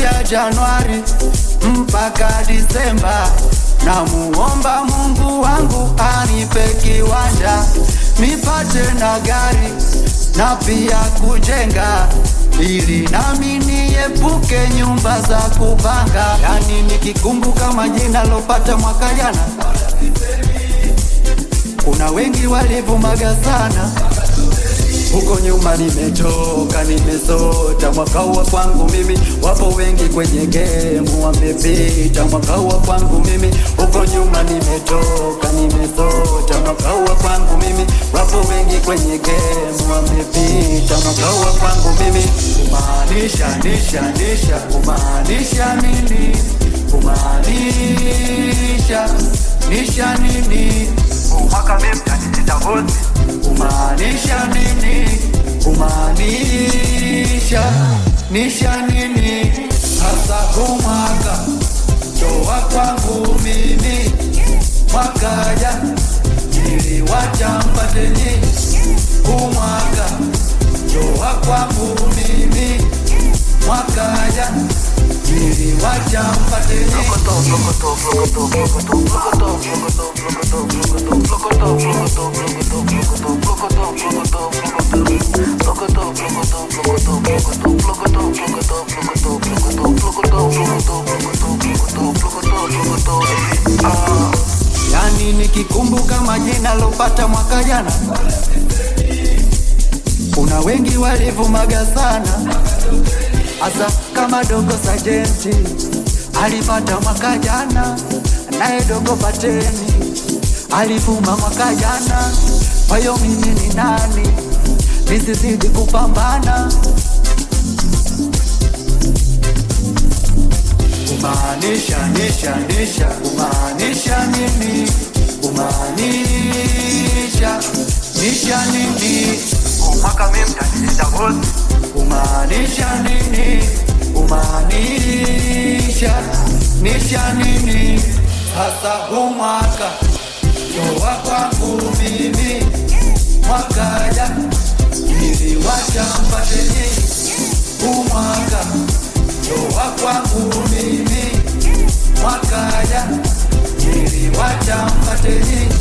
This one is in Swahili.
ya Januari mpaka Disemba. Namuomba Mungu wangu anipe kiwanja nipate na gari na pia kujenga ili nami niepuke nyumba za kupanga. Yani nikikumbuka majina lopata mwaka jana, kuna wengi walivumaga sana huko nyuma nimetoka, nimesota mwaka wa kwangu mimi, wapo wengi kwenye gemu wamepita mwaka wa kwangu mimi. Huko nyuma nimetoka, nimesota mwaka wa kwangu mimi, wapo wengi kwenye gemu wamepita mwaka wa kwangu mimi. Kumaanisha nisha nisha, kumaanisha nini? Kumaanisha nisha nini? Mwaka mimi mtanitenda wote nisha nini hasa kumaka ndoa kwangu mimi mwakaja niliwacha mpateni kumwaka ndoa kwangu mimi mwakaja niliwacha mpateni Look at ah. Yani nikikumbuka majina lopata mwaka jana, kuna wengi walivumaga sana, hasa kama dogo sajenti alipata mwaka jana, naye dogo pateni alivuma mwaka jana. Kwa mimi ni nani nisizidi kupambana Umaanisha nisha nisha umaanisha nini? Umaanisha nisha nini? kumaka mimta nisha bosi. Umaanisha nini? Umaanisha nisha nini? Hasa humaka toa kwangu mimi mwaka jana niliwacha mpate nini? Humaka toa kwangu mwaka jana niliwacha mkate nyingi